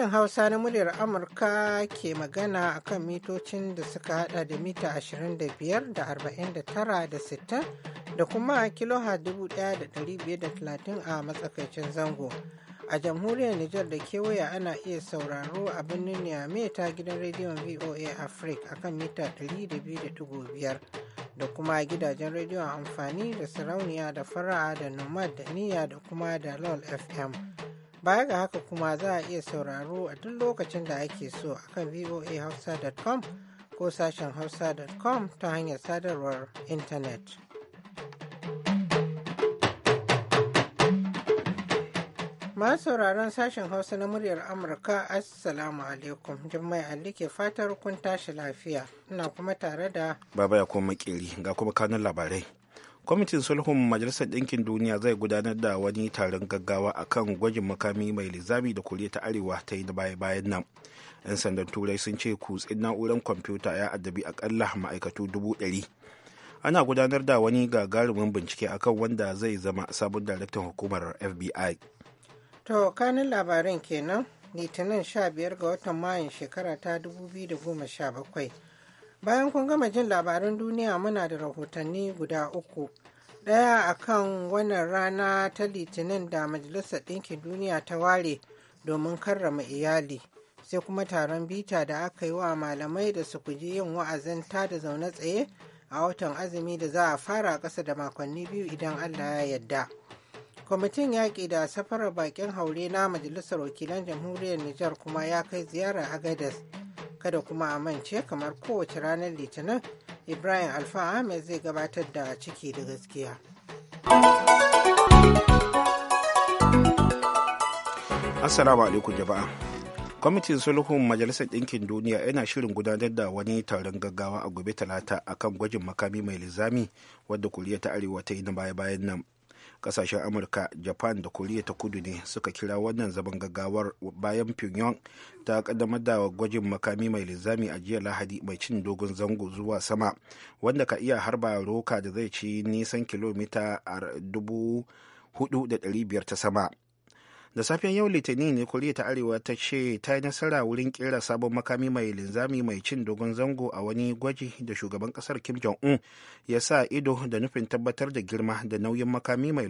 Sashen Hausa na muryar Amurka ke magana a kan mitocin da suka hada da mita 25 da 49 da 60 da kuma kiloha 1530 a matsakaicin zango. A jamhuriyar Nijar da kewaya ana iya sauraro a birnin Niamey ta gidan rediyon VOA Africa a kan mita 200.5 da kuma gidajen rediyon amfani da sarauniya da fara'a da nomad da niyya da kuma da LOL FM. Baya ga haka kuma za a iya sauraro a duk lokacin da ake so akan voahausa.com ko sashen hausa.com ta hanyar sadarwar intanet. Masu sauraron sashen Hausa na muryar Amurka, Assalamu alaikum. Jummai Ali ke fatar kun tashi lafiya. Ina kuma tare da Baba ya kuma makeri ga kuma kanun labarai. kwamitin sulhun majalisar ɗinkin duniya zai gudanar da wani taron gaggawa a kan gwajin makami mai lizami da kuriya ta arewa ta yi na baya-bayan nan 'yan sandan turai sun ce kutsin na'urar kwamfuta ya addabi akalla ma'aikatu dubu ɗari ana gudanar da wani gagarumin bincike akan wanda zai zama sabon daraktan hukumar fbi to kanin labarin kenan litinin sha biyar ga watan mayun shekara ta dubu biyu da goma sha bakwai. Bayan kun gama jin labaran duniya muna da rahotanni guda uku. Ɗaya a kan wannan rana ta Litinin da Majalisar Ɗinkin Duniya ta ware domin karrama iyali. Sai kuma taron bita da aka yi wa malamai da su kuji yin wa'azin ta da zaune tsaye a watan azumi da za a fara ƙasa da makonni biyu idan Allah ya yadda. kwamitin yaƙi da safarar bakin haure na majalisar wakilan jamhuriyar nijar kuma ya kai ziyara Gadas. kada kuma a mance kamar kowace ranar litinin ibrahim alfa zai gabatar da ciki da gaskiya assalamu alaikum jama'a kwamitin sulhun majalisar ɗinkin duniya yana shirin gudanar da wani taron gaggawa a gobe talata akan gwajin makami mai linzami wadda koriya ta arewa ta yi na baya-bayan nan kasashen amurka japan da koriya ta kudu ne suka kira wannan zaman gaggawar bayan pyongyang ta kaddamar da gwajin makami mai linzami a jiya lahadi mai cin dogon zango zuwa sama wanda ka iya harba roka da zai ci nisan kilomita 4,500 ta sama da safiyan yau litinin ne koriya ta arewa ta ce ta yi nasara wurin kera sabon makami mai linzami mai cin dogon zango a wani gwaji da shugaban kasar kim jong un ya sa ido da nufin tabbatar da girma da nauyin makami mai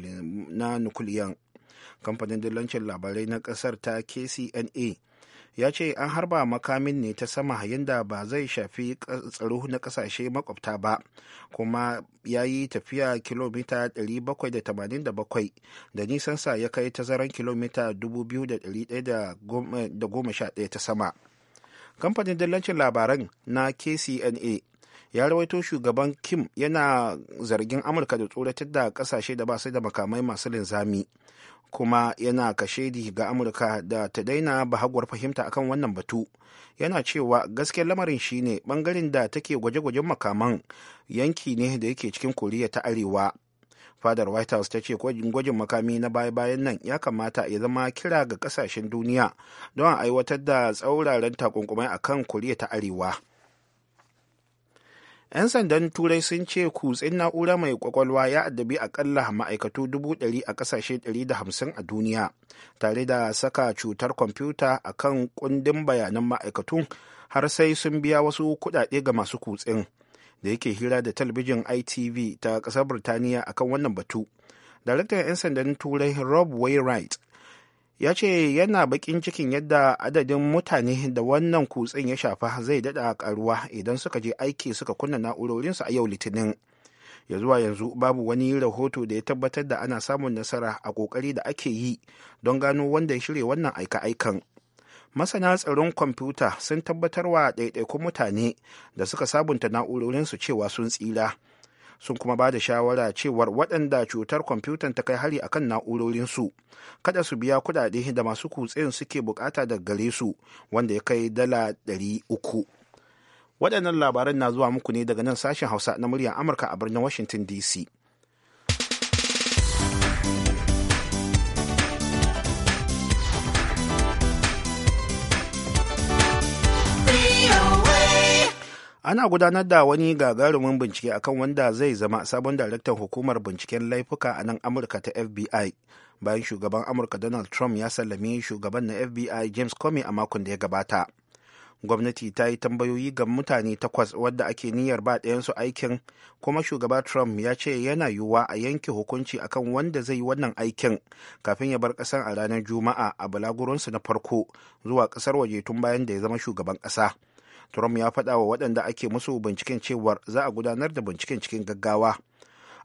na nukuliyan kamfanin dillancin labarai na kasar ta kcna ya ce an harba makamin ne ta sama yadda ba zai shafi tsaro na kasashe makwabta ba kuma ya yi tafiya kilomita 787 da nisansa ya kai tazaran kilomita 2,111 ta sama kamfanin dillancin labaran na kcna ya rawaito shugaban kim yana zargin amurka da tsoratar da kasashe da ba su da makamai masu linzami kuma yana kashedi ga amurka da ta daina bahagwar fahimta akan wannan batu yana cewa gaskiyar lamarin shine bangaren da take gwaje-gwajen makaman yanki ne da yake cikin koriya ta arewa fadar white house ta ce gwajin makami na baya-bayan nan ya kamata ya zama kira ga kasashen duniya don a aiwatar da tsauraran takunkumai akan koriya ta arewa 'yan sandan turai sun ce kutsin na'ura mai kwakwalwa ya addabi akalla ma'aikatu dubu ɗari a ƙasashe ɗari da hamsin a duniya tare da saka cutar kwamfuta a kan kundin bayanan ma'aikatu har sai sun biya wasu kuɗaɗe ga masu kutsin da yake hira da talabijin itv ta ƙasar birtaniya akan wannan batu daraktan 'yan sandan turai rob wainwright ya ce yana bakin cikin yadda adadin mutane da wannan kutsen ya shafa zai dada karuwa idan suka je aiki suka kunna na'urorinsu a yau litinin ya zuwa yanzu babu wani rahoto da ya tabbatar da ana samun nasara a ƙoƙari da ake yi don gano wanda ya shirya wannan aika-aikan masana tsaron kwamfuta sun tabbatar wa ɗaiɗaikun mutane da suka sabunta na'urorinsu cewa sun tsira sun kuma ba da shawara cewar waɗanda cutar kwamfutan ta kai hari akan na'urorinsu kada su biya kuɗaɗe da masu kutsen suke bukata daga gare su wanda ya kai dala ɗari uku waɗannan labaran na zuwa muku ne daga nan sashen hausa na muryar amurka a birnin washington dc ana gudanar da wani gagarumin bincike akan wanda zai zama sabon daraktan hukumar binciken laifuka a nan amurka ta fbi bayan shugaban amurka donald trump ya sallame shugaban na fbi james comey a makon da ya gabata gwamnati ta yi tambayoyi ga mutane takwas wadda ake niyyar ba ɗayansu aikin kuma shugaba trump ya ce yana yiwuwa a yanke hukunci akan wanda zai yi wannan aikin kafin ya bar ƙasar a ranar juma'a a bulagurinsu na farko zuwa ƙasar waje tun bayan da ya zama shugaban ƙasa. trump ya faɗa wa waɗanda ake musu binciken cewar za a gudanar da binciken cikin gaggawa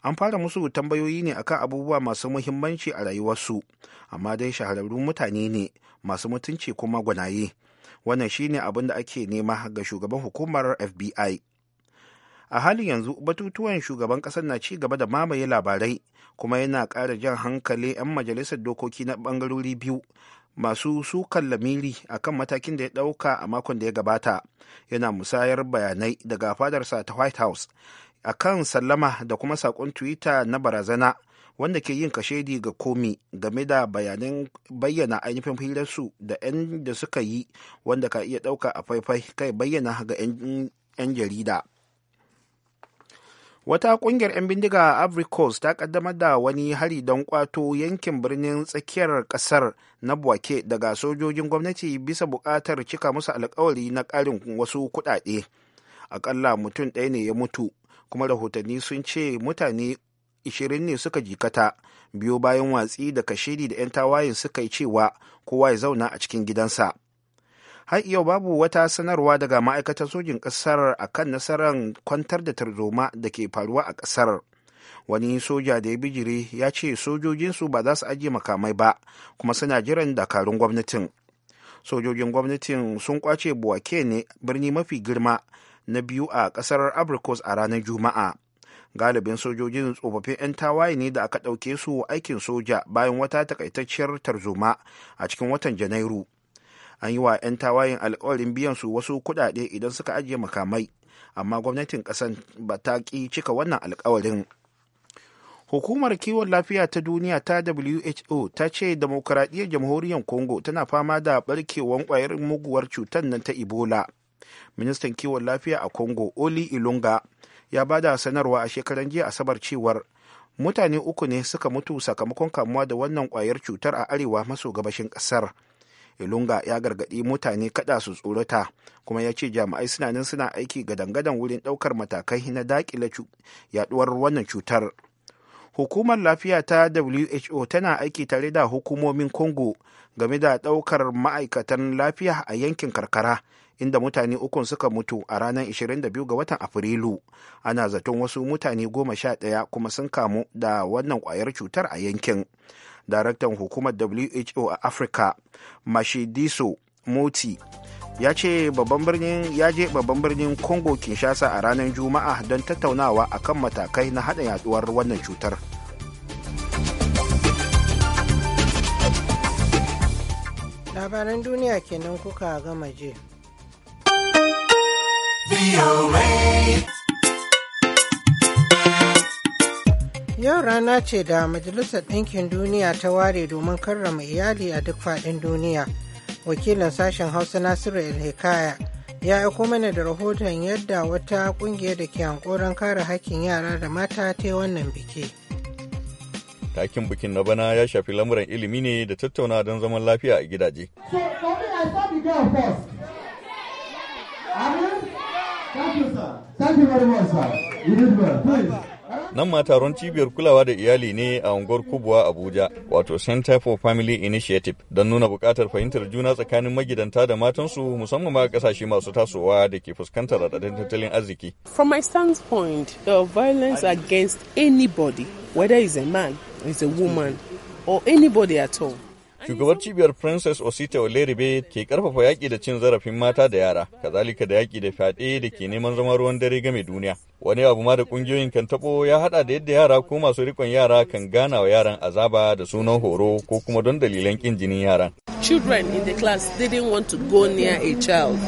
an fara musu tambayoyi ne akan abubuwa masu muhimmanci a rayuwarsu amma dai shahararrun mutane ne masu mutunci kuma gwanaye wannan shine abin da ake nema ga shugaban hukumar fbi a halin yanzu batutuwan shugaban ƙasar na ci gaba da mamaye labarai kuma yana ƙara jan hankali 'yan majalisar dokoki na ɓangarori biyu masu sukan lamiri akan matakin da ya ɗauka a makon da ya gabata yana musayar bayanai daga fadarsa ta white house akan sallama da kuma saƙon twitter na barazana wanda ke yin kashedi ga komi game da bayanan bayyana ainihin filarsu da 'yan da suka yi wanda ka iya ɗauka a faifai kai bayyana ga 'yan jarida wata kungiyar 'yan bindiga Coast ta kaddamar da wani hari don kwato yankin birnin tsakiyar kasar na buwake daga sojojin gwamnati bisa bukatar cika musu alkawari na karin wasu kuɗaɗe akalla mutum ɗaya ne ya mutu kuma rahotanni sun ce mutane 20 ne suka jikata biyo bayan watsi da kashiri da 'yan tawayen suka yi cewa kowa ya zauna a cikin gidansa. har yau babu wata sanarwa daga ma'aikatar sojin ƙasar a kan nasarar kwantar da tarzoma da ke faruwa a ƙasar wani soja da ya bijiri ya ce sojojinsu ba za su ajiye makamai ba kuma suna jiran dakarun gwamnatin sojojin gwamnatin sun kwace buwake ne birni mafi girma na biyu a ƙasar abrikos a ranar juma'a galibin sojojin tsofaffin 'yan tawaye ne da aka ɗauke su aikin soja bayan wata takaitacciyar tarzoma a cikin watan janairu an yi wa 'yan tawayen alkawarin biyan su wasu kuɗaɗe idan suka ajiye makamai amma gwamnatin ƙasar ba ta ƙi cika wannan alkawarin hukumar kiwon lafiya ta duniya ta who ta ce demokuraɗiyyar jamhuriyar congo tana fama da barkewar kwayar muguwar cutar nan ta ebola ministan kiwon lafiya a congo oli ilunga ya ba da sanarwa a shekaran jiya asabar cewar mutane uku ne suka mutu sakamakon kamuwa da wannan kwayar cutar a arewa maso gabashin ƙasar ilunga ya gargaɗi mutane kada su tsorata kuma ya ce jami'ai suna nan suna aiki gadangadan wurin ɗaukar matakai na dakile yaduwar wannan cutar hukumar lafiya ta who tana aiki tare da hukumomin congo game da ɗaukar ma'aikatan lafiya a yankin karkara inda mutane ukun suka mutu a ranar 22 ga watan afrilu ana zaton wasu mutane goma sha ɗaya kuma sun kamu da wannan kwayar cutar a yankin daraktan hukumar who a afirka mashidiso moti ya ce babban birnin ya je babban birnin congo kinshasa a ranar juma'a don tattaunawa a kan matakai na haɗa yaduwar wannan cutar labaran duniya kenan kuka gama je. Yau rana ce da Majalisar Ɗinkin Duniya ta ware domin karrama iyali a duk faɗin duniya. Wakilin sashen Hausa Nasiru el ya aiko mana da rahoton yadda wata ƙungiyar da ke hankoron kare hakkin yara da mata ta wannan biki. Takin bikin na bana ya shafi lamuran ilimi ne da tattauna don zaman lafiya a gidaje. Thank you very much, sir. You did well. Please. Nan ma taron cibiyar kulawa da iyali ne a unguwar Kubwa Abuja, wato Center for Family Initiative, don nuna bukatar fahimtar juna tsakanin magidanta da matansu musamman ma kasashe masu tasowa da ke fuskantar raɗaɗin tattalin arziki. From my standpoint, the violence against anybody, whether is a man, is a woman, or anybody at all, shugabar cibiyar princess osita oleribe ke karfafa yaƙi da cin zarafin mata da yara kazalika da yaƙi da fyaɗe da ke neman zama ruwan dare game duniya wani abu ma da kungiyoyin kan tabo ya hada da yadda yara ko masu rikon yara kan gana wa yaran azaba da sunan horo ko kuma don dalilan kin jinin yaran children in the class didn't want to go near a child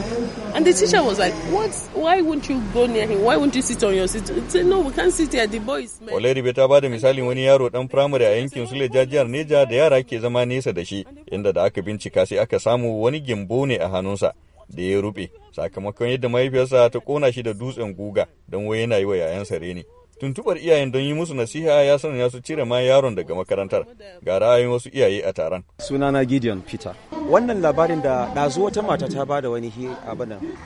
and the teacher was like what why won't you go near him why won't you sit on your seat he no we can't sit here the ta bada misalin wani yaro dan primary a yankin le jajiyar Neja da yara ke zama nesa da shi inda da aka bincika sai aka samu wani gimbo ne a hannunsa da ya rufe, sakamakon yadda mahaifiyarsa ta kona shi da dutsen guga don wai yana yi wa yayansa reni. Tuntubar iyayen don yi musu nasiha ya sanya su cire ma yaron daga makarantar. Ga ra'ayin wasu iyaye a taron. Sunana Gideon Peter. Wannan labarin da ɗazu wata mata ta ba da wani hi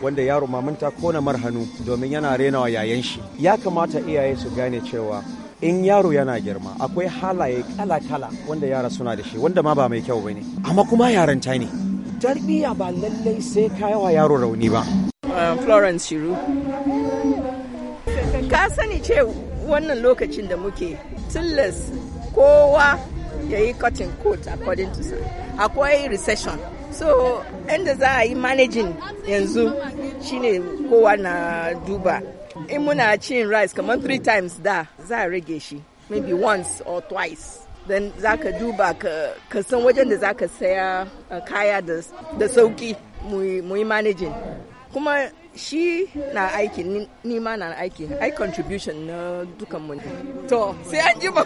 wanda yaro mamanta kona mar hannu domin yana renawa yayan shi. Ya kamata iyaye su gane cewa in yaro yana girma akwai halaye kala-kala wanda yara suna da shi wanda ma ba mai kyau bane amma kuma yaranta ne tarbiyya ba lallai sai kayawa yaro rauni ba uh, florence shiru ka sani ce wannan lokacin da muke tilas kowa ya yi cotton coat according to akwai recession so inda za a yi managing yanzu shine kowa na duba in muna cin rice kamar three times da za a rage shi maybe once or twice don za ka duba ka san wajen da za ka saya uh, kaya da sauki mu yi managing kuma shi na aiki ni ma na aiki ai contribution na dukan mu to sai an ji ba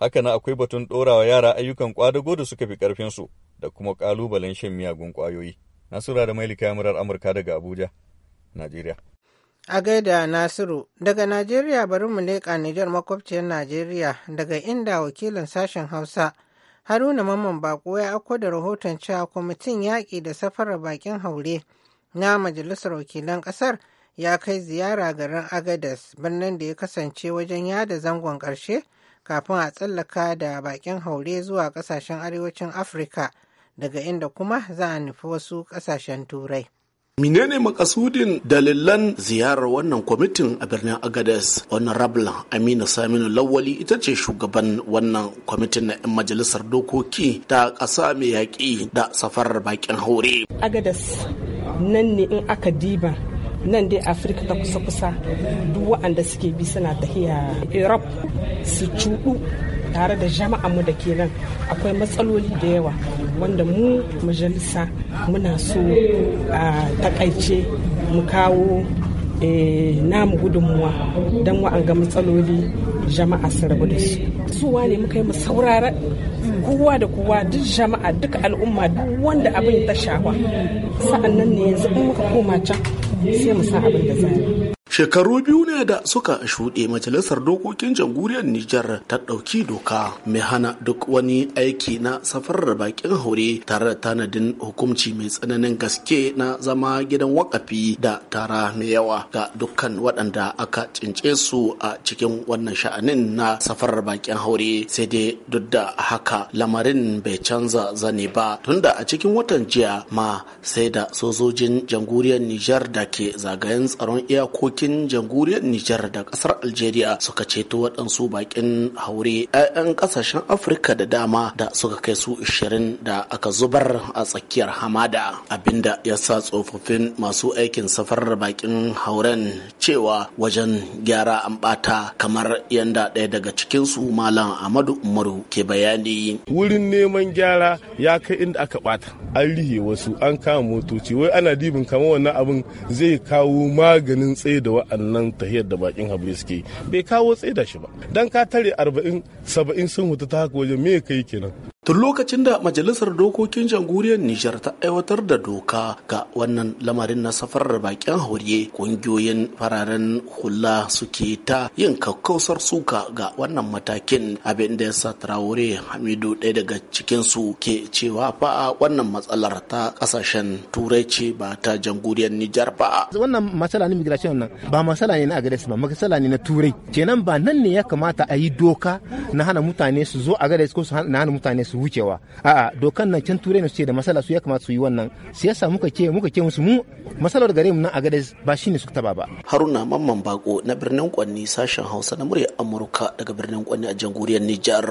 haka na akwai batun dorawa yara ayyukan kwadago da suka fi karfin su da kuma kalubalen shan miyagun kwayoyi nasura da mailika murar amurka daga abuja najeriya A gaida Nasiru, daga Najeriya bari mu leƙa Nijar makwabciyar Najeriya daga inda wakilin sashen Hausa Haruna Mamman Bako ya akwa da rahoton cewa kwamitin yaƙi da safarar bakin haure na Majalisar Wakilan ƙasar ya kai ziyara garin Agadas birnin da ya kasance wajen yada zangon ƙarshe kafin a tsallaka da bakin haure zuwa ƙasashen arewacin Afirka daga inda kuma za a nufi wasu ƙasashen Turai. Menene makasudin dalilan ziyarar wannan kwamitin a birnin Agadez Wannan Rabla Amina Saminu Lawali ita ce shugaban wannan kwamitin na 'yan majalisar dokoki ta ƙasa mai yaƙi da safarar bakin haure. Agadez nan ne in aka diba nan dai afirka ta kusa-kusa duk waɗanda suke bi suna tahiya. europe su cuɗu tare da jama'a mu da ke nan akwai matsaloli da yawa wanda mu majalisa muna so a takaice mu kawo eh, namu gudunmuwa don wa'anga matsaloli jama'a su rabu da su suwa ne muka yi mu saurara kowa da kowa duk jama'a duk al'umma duk wanda abin ta shawa sa'an nan ne yanzu in muka koma can sai mu sa abin da zai shekaru biyu ne da suka shuɗe majalisar dokokin jamhuriyar Nijar ta ɗauki doka mai hana duk wani aiki na safarar bakin haure tare da tanadin hukumci mai tsananin gaske na zama gidan wakafi da tara mai yawa ga dukkan waɗanda aka cince su a cikin wannan sha'anin na safarar bakin haure sai dai duk da haka lamarin bai canza zane ba tunda a cikin watan jiya ma sai da sojojin jamhuriyar Nijar da ke zagayen tsaron iyakokin cikin jamhuriyar Nijar da kasar Algeria suka ceto waɗansu bakin haure 'ya'yan ƙasashen Afirka da dama da suka kai su 20 da aka zubar a tsakiyar hamada abinda ya sa tsofaffin masu aikin safarar bakin hauren cewa wajen gyara an bata kamar yanda ɗaya daga cikin su malam Amadu Umaru ke bayani. Wurin neman gyara ya kai inda aka bata an rihe wasu an kama motoci wai ana dibin kamar wannan abin zai kawo maganin tsaye da wa'annan tahiyar da bakin habri suke bai kawo da shi ba dan ka tare arba'in saba'in sun hutu ta haka wajen me kai kenan Tun lokacin da Majalisar Dokokin Jamhuriyar Nijar ta aiwatar da doka ga wannan lamarin na safarar bakin haure, kungiyoyin fararen hula suke ta yin kakkausar suka ga wannan matakin abin da ya sa Traore Hamidu ɗaya daga cikinsu ke cewa fa wannan matsalar ta kasashen turai ce ba ta jamhuriyar Nijar ba. Wannan matsala ne migration nan ba matsala ne na Agades ba, matsala ne na turai. Kenan ba nan ne ya kamata a yi doka na hana mutane su zo Agades ko su hana mutane su wucewa a'a dokan nan can turai ne su ce da masala su ya kamata su yi wannan siyasa muka ce muka ce musu mu masalar gare mu nan a gades ba shine su taba ba haruna mamman bako na birnin kwanni sashen hausa na murya amurka daga birnin kwanni a jamhuriyar nijar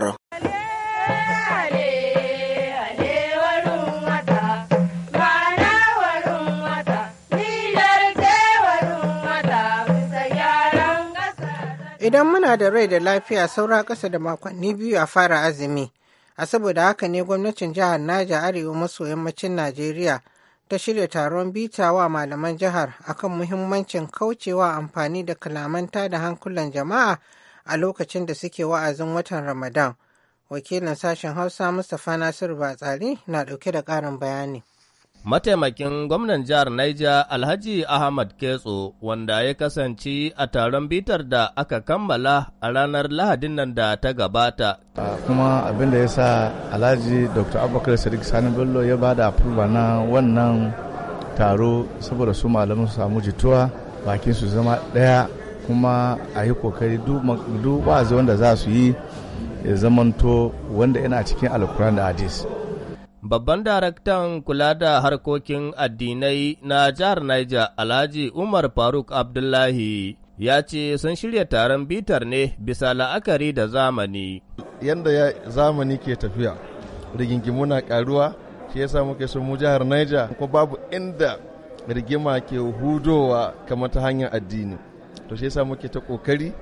Idan muna da rai da lafiya saura ƙasa da makonni biyu a fara azumi, a saboda haka ne gwamnatin jihar naja arewa maso yammacin najeriya ta shirya taron bita wa malaman jihar akan muhimmancin kaucewa amfani da kalamanta da hankulan jama'a a lokacin da suke wa'azin watan ramadan wakilin sashen hausa mustapha nasiru batsari na dauke da ƙarin bayani Mataimakin gwamnan jihar Niger Alhaji Ahmad Ketso wanda ya kasance a taron bitar da aka kammala a ranar Lahadin nan da ta gabata. Kuma abin da ya sa Alhaji Dr. Abubakar Sadiq Sani Bello ya ba da afurwa na wannan taro saboda su malaman su samu jituwa bakin su zama ɗaya kuma a yi kokari duk wanda za su yi ya zamanto wanda yana cikin alkuran da hadis. Babban daraktan kula da harkokin addinai na jihar Niger Alhaji Umar Faruk Abdullahi ya ce sun shirya taron bitar ne bisa la'akari da zamani. Yanda zamani ke tafiya, rigingimu na karuwa, shi yasa muke sun mu jihar Niger ko babu inda rigima ke hudowa kamar ta hanyar addini. To shi yasa muke ta kokari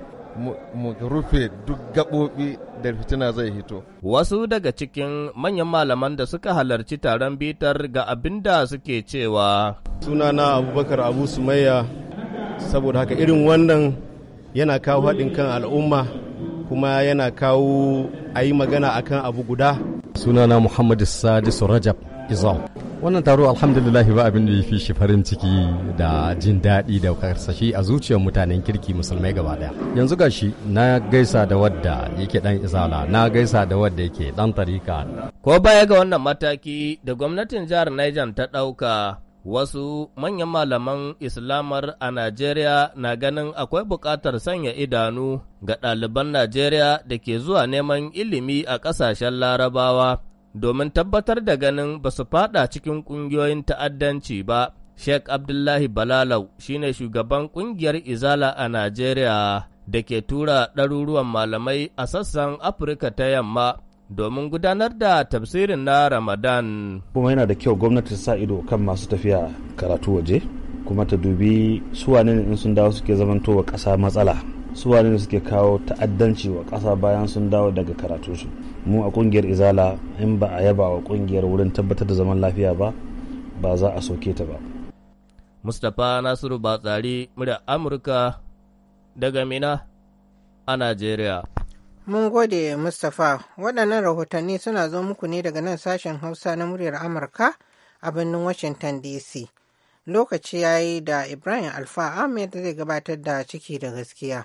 mu rufe duk gaɓoɓi da fitina zai hito. Wasu daga cikin manyan malaman da suka halarci taron bitar ga abin da suke cewa. Sunana Abubakar Abu Sumayya saboda haka irin wannan yana kawo haɗin kan al'umma kuma yana kawo a yi magana akan abu guda. Sunana Muhammad Sadisu Rajab Izam. wannan taro alhamdulillah ba abin da ya fi shi farin ciki da jin daɗi da karsashi a zuciyar mutanen kirki musulmai gaba daya yanzu ga shi na gaisa da wadda yake dan izala na gaisa da wadda yake dan tarika ko baya ga wannan mataki da gwamnatin jihar Niger ta ɗauka wasu manyan malaman islamar a Najeriya na ganin akwai buƙatar sanya idanu ga ɗaliban Najeriya da ke zuwa neman ilimi a ƙasashen larabawa domin tabbatar da ganin ba su fada cikin ƙungiyoyin ta'addanci ba. Sheikh Abdullahi Balalau shine shugaban ƙungiyar Izala a Najeriya da ke tura ɗaruruwan malamai a sassan Afirka ta yamma domin gudanar da tafsirin na Ramadan. Kuma yana da kyau gwamnati sa ido kan masu tafiya karatu waje, kuma ta dubi su ne in sun dawo suke zamantowa ƙasa matsala. su wane suke kawo ta'addanci wa ƙasa bayan sun dawo daga karatu su mu a ƙungiyar izala in ba a yaba wa ƙungiyar wurin tabbatar da zaman lafiya ba ba za a soke ta ba mustapha nasiru batsari murya amurka daga mina a nigeria. mun gode mustapha waɗannan rahotanni suna zo muku ne daga nan sashen hausa na muryar amurka a birnin washington dc lokaci ya yi da ibrahim alfa ahmed zai gabatar da ciki da gaskiya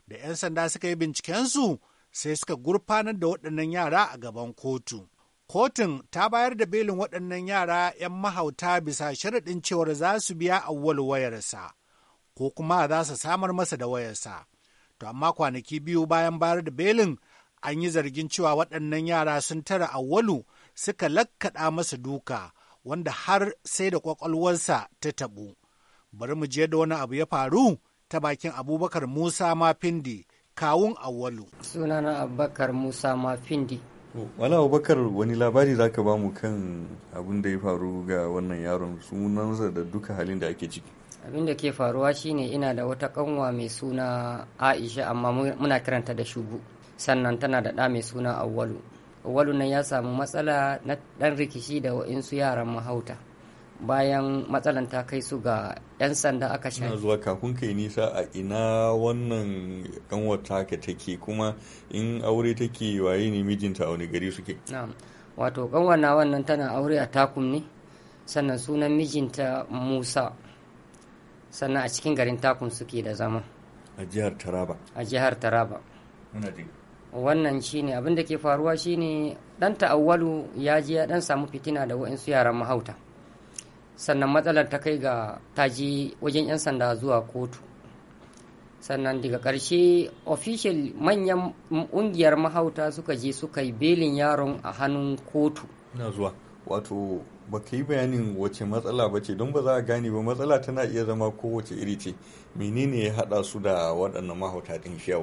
da 'yan sanda suka yi bincikensu sai suka gurfanar da waɗannan yara a gaban kotu. Kotun ta bayar da belin waɗannan yara 'yan mahauta bisa sharaɗin cewar za su biya awwal wayarsa, ko kuma za su samar masa da wayarsa. To amma kwanaki biyu bayan bayar da belin an yi zargin cewa waɗannan yara sun tara awwalu suka lakkaɗa masa duka wanda har sai da kwakwalwarsa ta taɓu. Bari mu je da wani abu ya faru ta bakin abubakar musa mafindi kawun awalu sunana abubakar musa mafindi wani abubakar wani labari za ka bamu kan abin da ya faru ga wannan yaron sunansa da duka halin da ake ciki abin da ke faruwa shine ina da wata kanwa mai suna aisha amma muna kiranta da shugu sannan tana da ɗa mai suna awalu awalu nan ya samu matsala na ɗan rikici da wa'insu yaran mahauta bayan matsalan ta kai su ga 'yan sanda aka shi na zuwa kafin kai nisa a ina wannan kanwata ka take kuma in aure take waye ne mijinta a wani gari suke wato kanwana wannan tana aure a takum ne sannan sunan mijinta musa sannan a cikin garin takum suke da zama a jihar taraba a jihar taraba wannan shine abin da ke faruwa shine dan awwalu ya je ya dan samu fitina da wa'insu yaran mahauta sannan matsalar ta kai ga taji wajen 'yan sanda zuwa kotu sannan daga ƙarshe official manyan ƙungiyar mahauta suka je suka yi belin yaron a hannun kotu na zuwa wato ba ka yi bayanin wace matsala ba ce don ba za a gane ba matsala tana iya zama kowace iri ce menene ya haɗa su da waɗannan mahauta din shi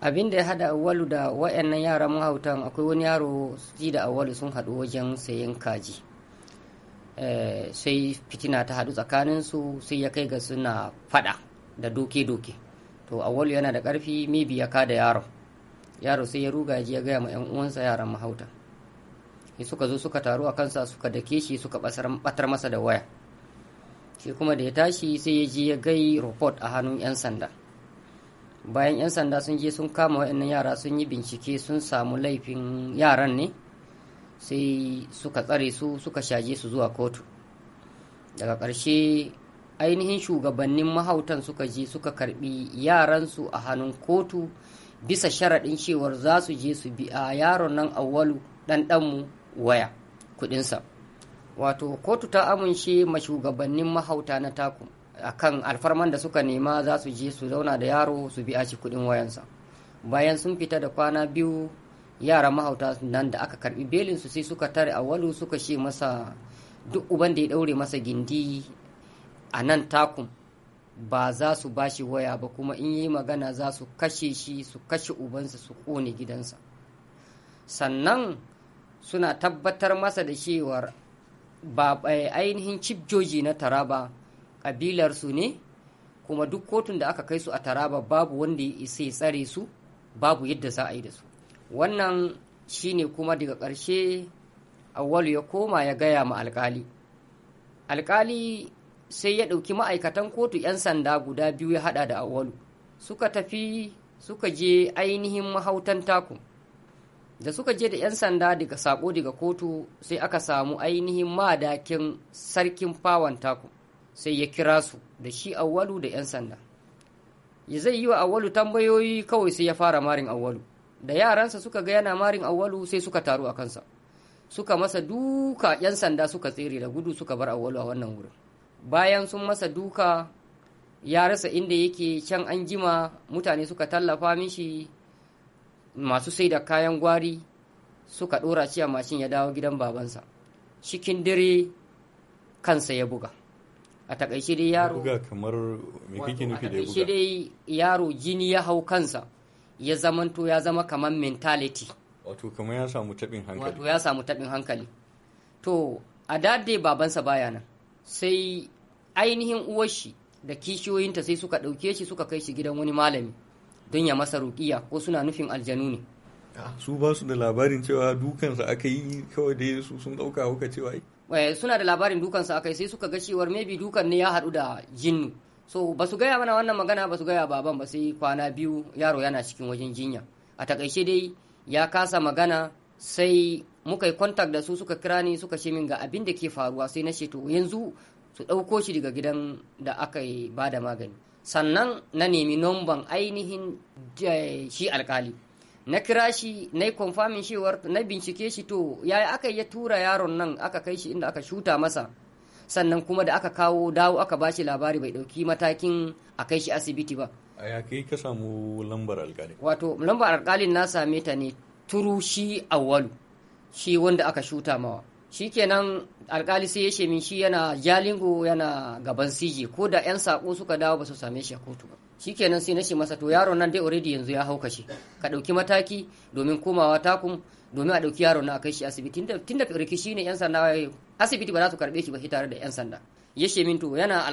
abin da ya haɗa awalu da waɗannan yaran mahautan akwai wani yaro ji da awalu sun haɗu wajen sayan kaji Eh, sai fitina ta haɗu tsakaninsu sai ya kai ga suna faɗa da doke-doke to Auwalu yana da ƙarfi mibi ya kada yaro yaro sai ya ruga ji ya gaya ma 'yan uwansa yaran mahauta suka zo suka taru a kansa suka dake shi suka batar masa da waya shi kuma da ya tashi sai ya ji ya gai report a hannun 'yan sanda bayan 'yan sanda sun je sun kama wa'annan yara sun yi bincike sun samu laifin yaran ne sai suka tsare su suka shaje su zuwa kotu daga ƙarshe ainihin shugabannin mahautan suka je suka karbi yaransu a hannun kotu bisa sharaɗin cewar za su je su bi a yaron nan awwalu ɗanɗanmu waya kuɗinsa wato kotu ta amince ma shugabannin mahauta na taku akan alfarman da suka nema za su je su zauna da yaro su biya shi kuɗin wayansa bayan sun fita da kwana biyu yaran mahauta nan da aka karbi belin su sai suka tare a awalu suka ce masa duk uban da ya daure masa gindi a nan takun ba za su bashi waya ba kuma in yi magana za su kashe shi su kashe ubansa su kone gidansa sannan suna tabbatar masa da cewar ba eh, ainihin cibjoji na taraba su ne kuma duk kotun da aka kai su a taraba babu wanda ya isa ya tsare su babu yadda za a yi da su wannan shine kuma daga ƙarshe awwalu ya koma ya gaya ma alkali alkali sai ya ɗauki ma'aikatan kotu 'yan sanda guda biyu ya haɗa da awwalu suka tafi suka je ainihin mahautan taku da suka je da 'yan sanda daga sako daga kotu sai aka samu ainihin madakin sarkin fawon taku sai ya kira su da shi awwalu da 'yan sanda ya zai yi wa awwalu tambayoyi kawai sai ya fara marin awwalu da yaransa suka ga yana marin awwalu sai suka taru a kansa suka masa duka yan sanda suka tsere da gudu suka bar awwalu a wannan wurin bayan sun masa duka ya rasa inda yake can an jima mutane suka tallafa mishi masu sai da kayan gwari suka ɗora shi a mashin ya dawo gidan babansa cikin dare kansa ya buga a takaice dai yaro jini ya hau kansa ya zamanto ya zama kamar mentality wato kamar ya samu taɓin hankali wato ya samu taɓin hankali to a dade babansa baya nan sai ainihin uwarshi da kishiyoyinta sai suka ɗauke shi suka kai shi gidan wani malami don ya masa ruƙiya ko suna nufin aljanu ne ah, su ba su da labarin cewa dukansa aka yi kawai da su sun ɗauka hauka cewa eh, suna da labarin dukansa aka yi sai suka ga cewar maybe dukan ne ya haɗu da jinnu so ba su gaya mana wannan magana ba su gaya baban ba sai kwana biyu yaro yana cikin wajen jinya a takaice dai ya kasa magana sai muka yi kontak da su suka kira ni suka ce min ga abin da ke faruwa sai na ce to yanzu su ɗauko shi daga gidan da aka yi ba da magani sannan na nemi nomban ainihin eh, shi alkali na kira shi na yi cewar na bincike shi to yaya aka yi ya tura yaron nan aka kai shi inda aka shuta masa sannan kuma da aka kawo dawo aka bashi labari bai dauki matakin a kai shi asibiti ba a ya kai ka samu lambar alkali wato lambar alkalin na same ta ne turu shi awwalu shi wanda aka shuta mawa shikenan alkali sai ya she min shi yana jalingo yana gaban siji ko da yan sako suka dawo ba su same shi a kotu ba shikenan sai na shi masa to yaron nan dai already yanzu ya hau kashi. ka dauki mataki domin komawa takum domin a dauki yaron na a kai shi asibiti tunda rikici ne yan sanda asibiti ba za su karbe shi ba shi tare da yan sanda ya ce minto yana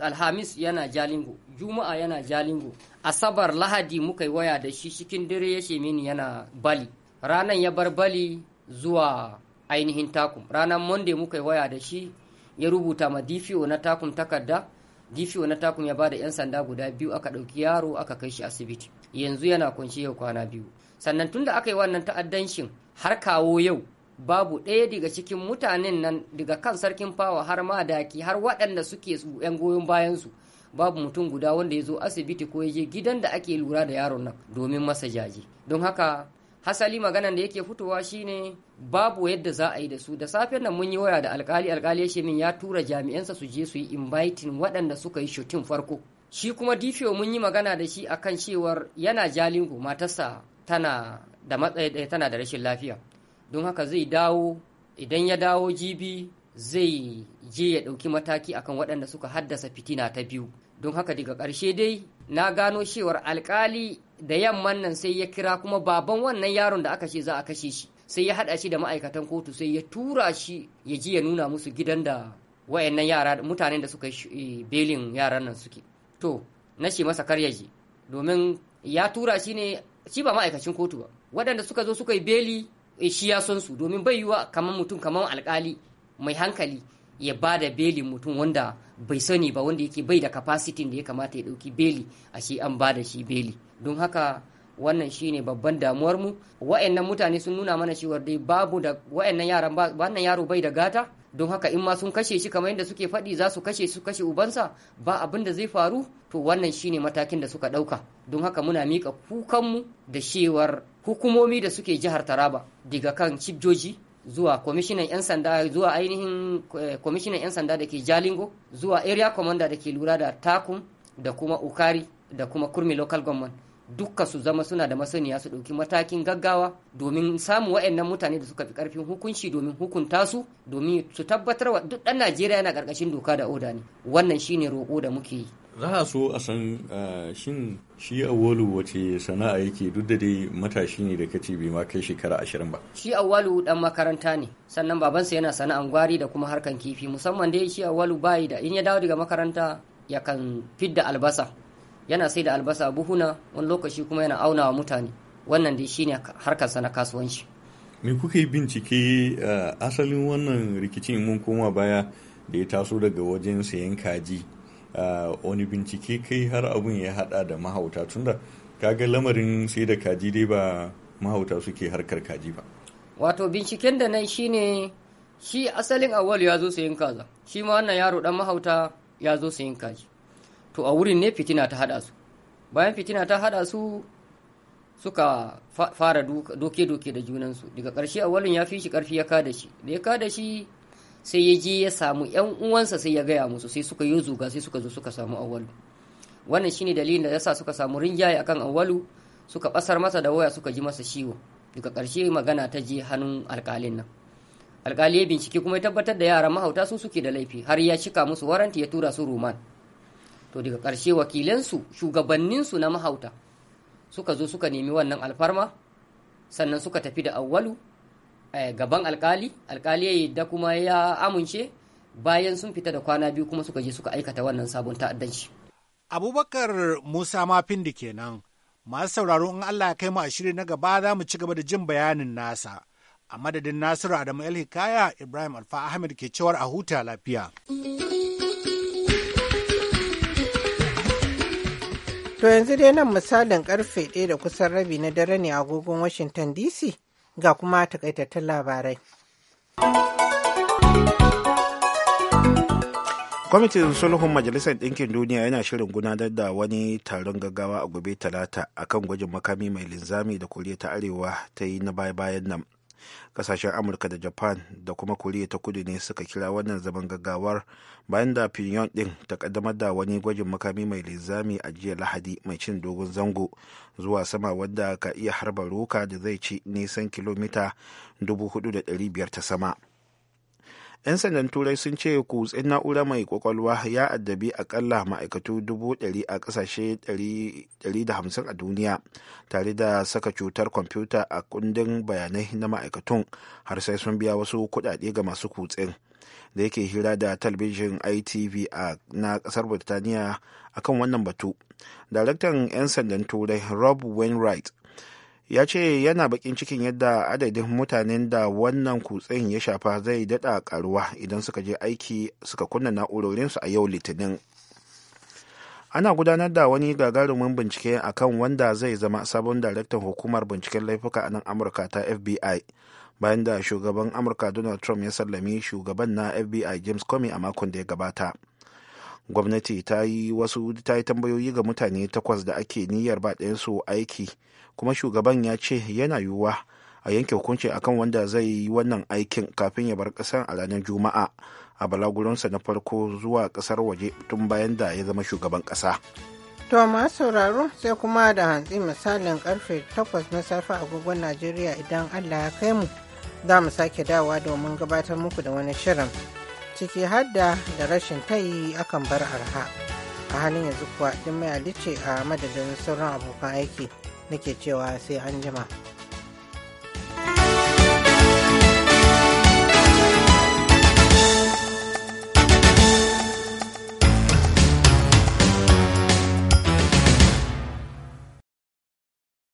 alhamis yana jalingo juma'a yana jalingo asabar lahadi muka yi waya da shi cikin dare ya ce min yana bali ranan ya bar bali zuwa ainihin takum ranar monday muka yi waya da shi ya rubuta ma dfo na takum takarda dfo na takum ya bada yan sanda guda biyu aka ɗauki yaro aka kai shi asibiti yanzu yana kunshi yau kwana biyu sannan tunda aka yi wannan ta'addancin har kawo yau babu ɗaya daga cikin mutanen nan daga kan sarkin fawa har ma madaki har waɗanda suke yan goyon bayansu babu mutum guda wanda ya zo asibiti ko ya je gidan da ake lura da yaron nan domin masa jaji don haka hasali maganan da yake fitowa shine babu yadda za a yi da su da safen nan mun yi waya da alkali alkali ya min ya tura jami'ansa su je su yi inviting waɗanda suka yi shooting farko shi kuma dpo mun yi magana da shi akan cewar yana jalingo matarsa tana da matsayi eh, tana da rashin lafiya don haka zai dawo idan ya dawo jibi zai je ya ɗauki mataki akan waɗanda suka haddasa fitina ta biyu don haka daga ƙarshe dai na gano cewar alkali da yamman nan sai ya kira kuma baban wannan yaron da aka ce za a kashe shi sai ya haɗa shi da ma'aikatan kotu sai ya tura shi ya ji ya nuna musu gidan da wayannan yara mutanen da suka eh, belin yaran nan suke to na shi masa kar je domin ya tura shi ne shi ba ma'aikacin kotu ba waɗanda suka zo suka yi beli Eh, shi ya son su domin bai yiwa kamar mutum kamar alkali mai hankali ya ba da beli mutum wanda bai sani ba wanda yake bai da capacity da ya kamata ya dauki beli a shi an ba da shi beli don haka wannan shine babban damuwar mu wa'annan mutane sun nuna mana cewa dai babu da wa'annan yaran wannan yaro bai da gata don haka in ma sun kashe shi kamar yadda suke faɗi za su kashe su kashe ubansa ba abin da zai faru to wannan shine matakin da suka ɗauka don haka muna miƙa kukanmu da shewar hukumomi da suke jihar taraba daga kan cibjoji zuwa kwamishinan 'yan sanda zuwa ainihin eh, kwamishinan 'yan sanda da ke jalingo zuwa area commander da ke lura da takum da kuma ukari da kuma kurmi local government dukka su zama suna da masaniya su ɗauki matakin gaggawa domin samun waɗannan mutane da suka fi ƙarfin hukunci domin hukunta su domin su tabbatar wa duk ɗan Najeriya yana ƙarƙashin doka da oda ne wannan shine roƙo da muke yi. Za a so a san shin shi walu wace sana'a yake duk da dai matashi ne da kace bai ma kai shekara ashirin ba. Shi walu dan makaranta ne sannan babansa yana sana'an gwari da kuma harkan kifi musamman dai shi walu bayi da in ya dawo daga makaranta yakan fidda albasa yana sai da albasa buhuna wani lokaci kuma yana auna wa mutane wannan dai shine harkarsa na kasuwanci me kuka yi bincike eh, asalin wannan rikicin mun koma baya da ya taso daga wajen sayan kaji eh, wani bincike kai har abun ya hada da mahauta tunda kaga lamarin sai da kaji dai ba mahauta suke harkar kaji ba wato binciken da nan shine shi asalin awal ya zo sayan kaza shi ma wannan yaro dan mahauta ya zo sayan kaji to a wurin ne fitina ta haɗa su bayan fitina ta hada su suka fara doke-doke da junansu daga ƙarshe walin ya fi shi ƙarfi ya kada shi da ya kada shi sai ya je ya samu yan uwansa sai ya gaya musu sai suka yi zuga sai suka zo suka samu awalu wannan shine dalilin da yasa suka samu rinjaye akan awalu suka basar masa da waya suka ji masa ciwo daga ƙarshe magana ta je hannun alƙalin nan alƙali ya bincike kuma ya tabbatar da yaran mahauta su suke da laifi har ya cika musu waranti ya tura su roman to daga ƙarshe wakilansu shugabanninsu na mahauta suka zo suka nemi wannan alfarma sannan suka tafi da awwalu eh, gaban alkali alkali ya yadda kuma ya amince bayan sun fita da kwana biyu kuma suka je suka aikata wannan sabon ta'addanci. abubakar musa mafindi kenan masu sauraro in allah ya kai mu shiri na gaba za mu ci gaba da jin bayanin nasa a madadin nasiru adamu el hikaya ibrahim alfa ahmed ke cewar a huta lafiya. To yanzu dai nan misalin karfe ɗaya da kusan rabi na dare ne agogon Washington DC ga kuma takaitattun labarai. Kwamitin sulhun Majalisar Ɗinkin Duniya yana shirin gudanar da wani taron gaggawa a gobe talata akan gwajin makami mai linzami da kuriya ta Arewa ta yi na baya-bayan nan. kasashen amurka da japan da kuma koriya ta kudu ne suka kira wannan zaman gaggawar bayan da pyongyang din ta kaddamar da wani gwajin makami mai linzami a jiya lahadi mai cin dogon zango zuwa sama wadda ka iya harba roka da zai ci nisan kilomita 4,500 ta sama 'yan sandan turai sun ce kutsin na'ura mai kwakwalwa ya addabi akalla ma'aikatu dubu ɗari a ƙasashe 150 a duniya tare da saka cutar kwamfuta a kundin bayanai na ma'aikatun har sai sun biya wasu kuɗaɗe ga masu kutsen da yake hira da talabijin itv a na ƙasar birtaniya akan wannan batu daraktan 'yan sandan turai rob wainwright ya ce yana bakin cikin yadda adadin mutanen da wannan kutsen ya shafa zai daɗa karuwa idan suka je aiki suka kunna na'urorinsu a yau litinin ana gudanar da wani gagarumin bincike a kan wanda zai zama sabon daraktan hukumar binciken laifuka a nan amurka ta fbi bayan da shugaban amurka donald trump ya sallami shugaban na fbi james comey a makon da ya gabata gwamnati ta yi wasu ta yi tambayoyi ga mutane takwas da ake niyyar ba su aiki kuma shugaban ya ce yana yiwuwa a yanke hukunci akan wanda zai yi wannan aikin kafin ya bar ƙasar a ranar juma'a a balagurinsa na farko zuwa ƙasar waje tun bayan da ya zama shugaban ƙasa. To masu sauraro sai kuma da hantsi misalin karfe 8 na safe agogon Najeriya idan Allah ya kai mu za mu sake dawa domin gabatar muku da wani shirin. ciki hadda da rashin kai akan bar arha a halin yanzu kuwa din mai alice a madadin sauran abokan aiki nake cewa sai an jima.